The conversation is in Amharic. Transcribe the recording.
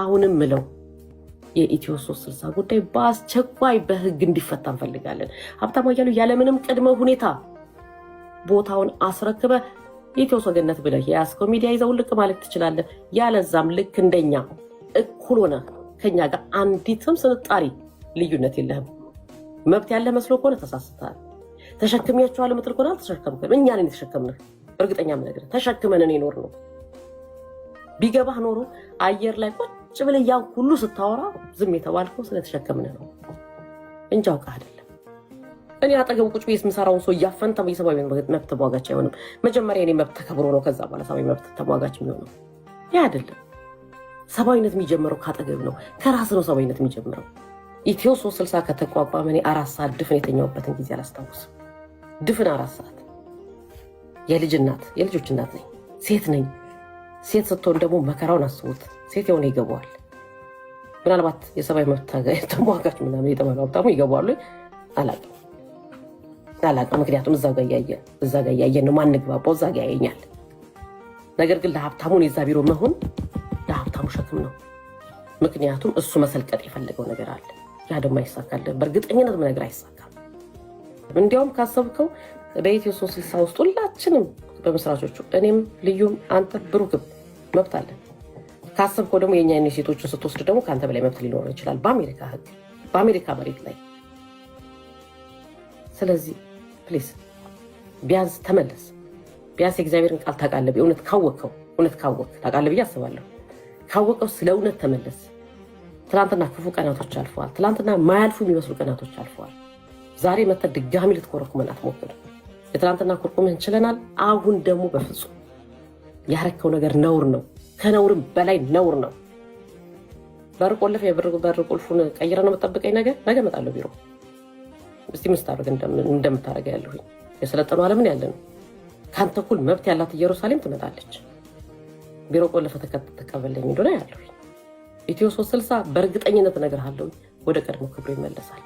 አሁንም ምለው የኢትዮ ሶስት ስልሳ ጉዳይ በአስቸኳይ በህግ እንዲፈታ እንፈልጋለን። ሀብታሙ አያሌው ያለምንም ቅድመ ሁኔታ ቦታውን አስረክበ የኢትዮ ሰገነት ብለ የያዝከው ሚዲያ ይዘው ልቅ ማለት ትችላለን። ያለዛም ልክ እንደኛ እኩል ሆነ ከኛ ጋር አንዲትም ስንጣሪ ልዩነት የለህም። መብት ያለ መስሎ ከሆነ ተሳስተሃል። ተሸክሚያቸዋል ምትል ከሆነ አልተሸከምክም። እኛን ነን የተሸከምንህ። እርግጠኛ ምነግር ተሸክመንን ይኖር ነው ቢገባህ ኖሮ አየር ላይ ቁጭ ብለህ ያ ሁሉ ስታወራ ዝም የተባልከው ስለተሸከምን ነው እንጂ አውቀህ አይደለም። እኔ አጠገቡ ቁጭ ብዬ የምሰራውን ሰው እያፈንተ የሰብአዊ መብት ተሟጋች አይሆንም። መጀመሪያ እኔ መብት ተከብሮ ነው ከዛ በኋላ ሰብአዊ መብት ተሟጋች የሚሆነው። ይህ አይደለም። ሰብአዊነት የሚጀምረው ካጠገብ ነው፣ ከራስ ነው ሰብአዊነት የሚጀምረው። ኢትዮ ሶስት ስልሳ ከተቋቋመ እኔ አራት ሰዓት ድፍን የተኛውበትን ጊዜ አላስታውስም። ድፍን አራት ሰዓት የልጅ እናት የልጆች እናት ነኝ፣ ሴት ነኝ። ሴት ስትሆን ደግሞ መከራውን አስቡት። ሴት የሆነ ይገባዋል። ምናልባት የሰብአዊ መብት ተሟጋች ምናምን የጠመና ሀብታሙ ይገባዋሉ። አላቅም አላቅም። ምክንያቱም እዛ ጋ እያየ እዛ ጋ እያየ ነው ማንግባባው፣ እዛ ጋ ያየኛል። ነገር ግን ለሀብታሙን የዛ ቢሮ መሆን ለሀብታሙ ሸክም ነው። ምክንያቱም እሱ መሰልቀጥ የፈለገው ነገር አለ። ያ ደግሞ አይሳካልም። በእርግጠኝነት ነገር አይሳካም። እንዲያውም ካሰብከው በኢትዮ ሶስት ስልሳ ውስጥ ሁላችንም በመስራቾቹ እኔም ልዩም አንተ ብሩክም መብት አለን። ካሰብከው ደግሞ የኛ ሴቶችን ስትወስድ ደግሞ ከአንተ በላይ መብት ሊኖረው ይችላል በአሜሪካ ህግ በአሜሪካ መሬት ላይ። ስለዚህ ፕሊስ ቢያንስ ተመለስ። ቢያንስ የእግዚአብሔርን ቃል ታውቃለህ። እውነት ካወቅከው እውነት ካወቅ ታውቃለህ ብዬ አስባለሁ። ካወቀው ስለ እውነት ተመለስ። ትናንትና ክፉ ቀናቶች አልፈዋል። ትላንትና ማያልፉ የሚመስሉ ቀናቶች አልፈዋል። ዛሬ መተህ ድጋሚ ልትኮረኩመን አትሞክር። የትናንትና ኩርቁም እንችለናል። አሁን ደግሞ በፍጹም ያረከው ነገር ነውር ነው፣ ከነውርም በላይ ነውር ነው። በር ቆልፍ የበር ቁልፉን ቀይረ ነው መጠብቀኝ። ነገ ነገ እመጣለሁ ቢሮ። እስቲ ምን እንደምታደርገ ያለሁኝ የሰለጠኑ ዓለምን ያለ ነው። ከአንተ እኩል መብት ያላት ኢየሩሳሌም ትመጣለች። ቢሮ ቆልፈ ተቀበለኝ እንደሆነ ያለሁኝ ኢትዮ ሶስት ስልሳ በእርግጠኝነት እነግርሃለሁ ወደ ቀድሞ ክብሩ ይመለሳል።